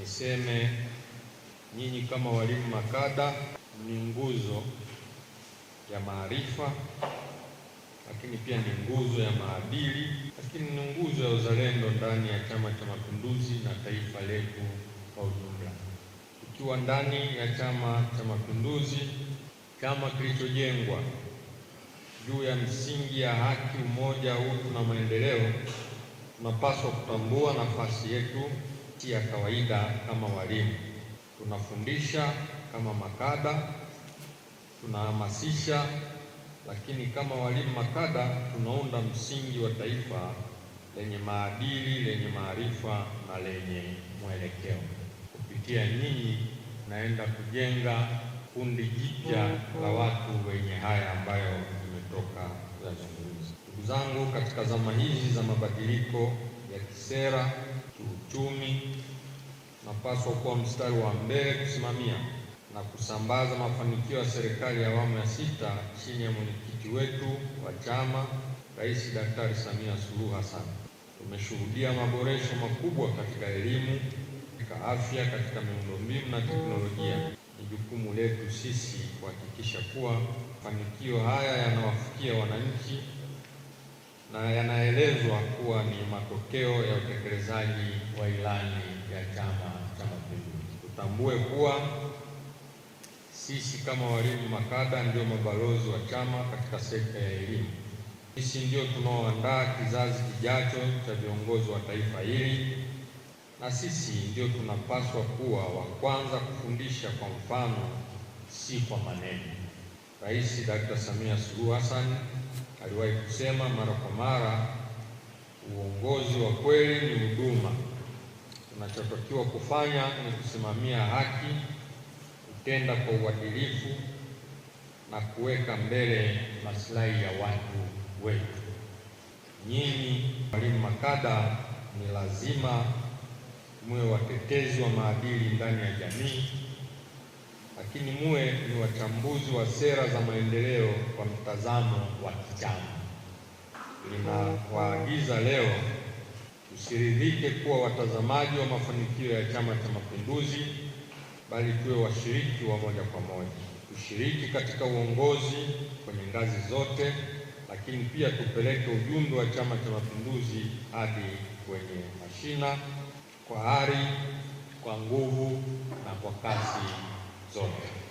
niseme nyinyi kama walimu makada ni nguzo ya maarifa, lakini pia ni nguzo ya maadili, lakini ni nguzo ya uzalendo ndani ya Chama cha Mapinduzi na taifa letu kwa ujumla. Tukiwa ndani ya Chama cha Mapinduzi, chama kilichojengwa juu ya msingi ya haki, umoja, utu na maendeleo, tunapaswa kutambua nafasi yetu si ya kawaida. Kama walimu tunafundisha, kama makada tunahamasisha, lakini kama walimu makada tunaunda msingi wa taifa lenye maadili, lenye maarifa na lenye mwelekeo. Kupitia nyinyi naenda kujenga kundi jipya la watu wenye haya ambayo imetoka kuyazungumza. Ndugu zangu, katika zama hizi za mabadiliko ya kisera uchumi tunapaswa kuwa mstari wa mbele kusimamia na kusambaza mafanikio ya serikali ya awamu ya sita chini ya mwenyekiti wetu wa chama Rais Daktari Samia Suluhu Hassan. Tumeshuhudia maboresho makubwa katika elimu, katika afya, katika miundombinu na teknolojia. Ni jukumu letu sisi kuhakikisha kuwa mafanikio haya yanawafikia wananchi na yanaelezwa kuwa ni matokeo ya utekelezaji wa ilani ya Chama cha Mapinduzi. Tutambue kuwa sisi kama walimu makada ndio mabalozi wa chama katika sekta ya elimu. Sisi ndio tunaoandaa kizazi kijacho cha viongozi wa taifa hili, na sisi ndio tunapaswa kuwa wa kwanza kufundisha kwa mfano, si kwa maneno. Rais Dr. Samia Suluhu Hassan aliwahi kusema mara kwa mara, uongozi wa kweli ni huduma. Tunachotakiwa kufanya ni kusimamia haki, kutenda kwa uadilifu na kuweka mbele maslahi ya watu wetu. Nyinyi walimu makada, ni lazima mwe watetezi wa maadili ndani ya jamii lakini muwe ni wachambuzi wa sera za maendeleo kwa mtazamo wa kichama. Ninawaagiza leo tusiridhike kuwa watazamaji wa mafanikio ya Chama cha Mapinduzi, bali tuwe washiriki wa moja kwa moja, tushiriki katika uongozi kwenye ngazi zote, lakini pia tupeleke ujumbe wa Chama cha Mapinduzi hadi kwenye mashina, kwa ari, kwa nguvu na kwa kasi. 是。